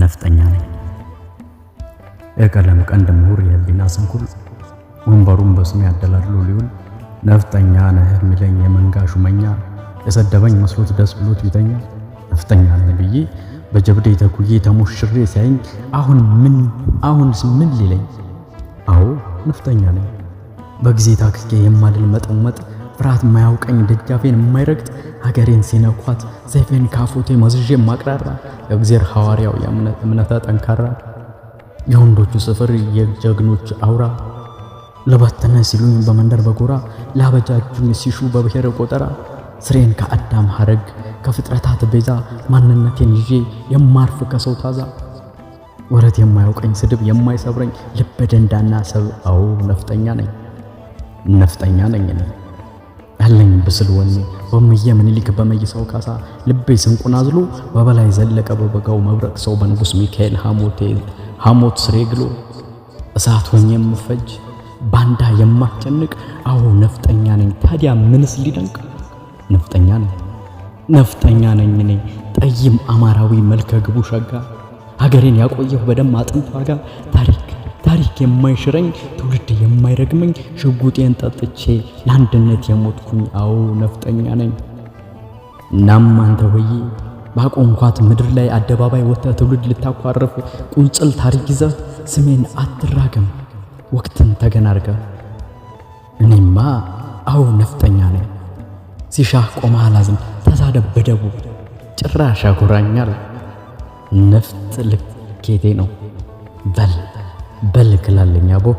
ነፍጠኛ ነኝ። የቀለም ቀንድ ምሁር የህሊና ስንኩል ወንበሩን በስሜ ያደላድሎ ሊውል ነፍጠኛ ነህ የሚለኝ የመንጋ ሹመኛ የሰደበኝ መስሎት ደስ ብሎት ቢተኛ ነፍጠኛ ነህ ብዬ በጀብዴ ተኩዬ ተሞሽሬ ሲያየኝ አሁን ምን አሁን ምን ሊለኝ? አዎ ነፍጠኛ ነኝ። በጊዜ ታክኬ የማልል መጠመጥ ፍርሃት ማያውቀኝ ደጃፌን የማይረግጥ ሀገሬን ሲነኳት ዘይፌን ካፎቴ መዝዤ ማቅራራ የእግዜር ሐዋርያው የእምነተ ጠንካራ የወንዶቹ ስፍር የጀግኖች አውራ ለባተነ ሲሉኝ በመንደር በጎራ ለአበጃጁኝ ሲሹ በብሔር ቆጠራ ስሬን ከአዳም ሐረግ ከፍጥረታት ቤዛ ማንነቴን ይዤ የማርፍ ከሰው ታዛ ወረት የማያውቀኝ ስድብ የማይሰብረኝ ልበደንዳና ሰብ ሰብአው ነፍጠኛ ነኝ ነፍጠኛ ነኝ። ያለኝ ብስል ወኔ በምየ ምኒልክ በመይሰው ካሳ ልቤ ስንቁን አዝሎ በበላይ ዘለቀ በበጋው መብረቅ ሰው በንጉሥ ሚካኤል ሐሞት ስሬ ግሎ እሳት ሆኜ የምፈጅ ባንዳ የማስጨንቅ አዎ ነፍጠኛ ነኝ። ታዲያ ምንስ ሊደንቅ ነፍጠኛ ነኝ ነፍጠኛ ነኝ እኔ ጠይም አማራዊ መልከ ግቡ ሸጋ ሀገሬን ያቆየሁ በደም አጥንት ዋጋ ታሪክ ታሪክ የማይሽረኝ ትውልድ የማይረግመኝ ሽጉጤን ጠጥቼ ለአንድነት የሞትኩኝ አዎ ነፍጠኛ ነኝ። እናም አንተ ሆይ ባቆምኳት ምድር ላይ አደባባይ ወጥተህ ትውልድ ልታኳርፍ ቁንጽል ታሪክ ይዘህ ስሜን አትራገም ወቅትን ተገናርገ። እኔማ አዎ ነፍጠኛ ነኝ። ሲሻህ ቆማ አላዝም ተሳደብ በደቡ ጭራሽ ያኮራኛል። ነፍጥ ልኬቴ ነው በል በል ግላለኝ አቦ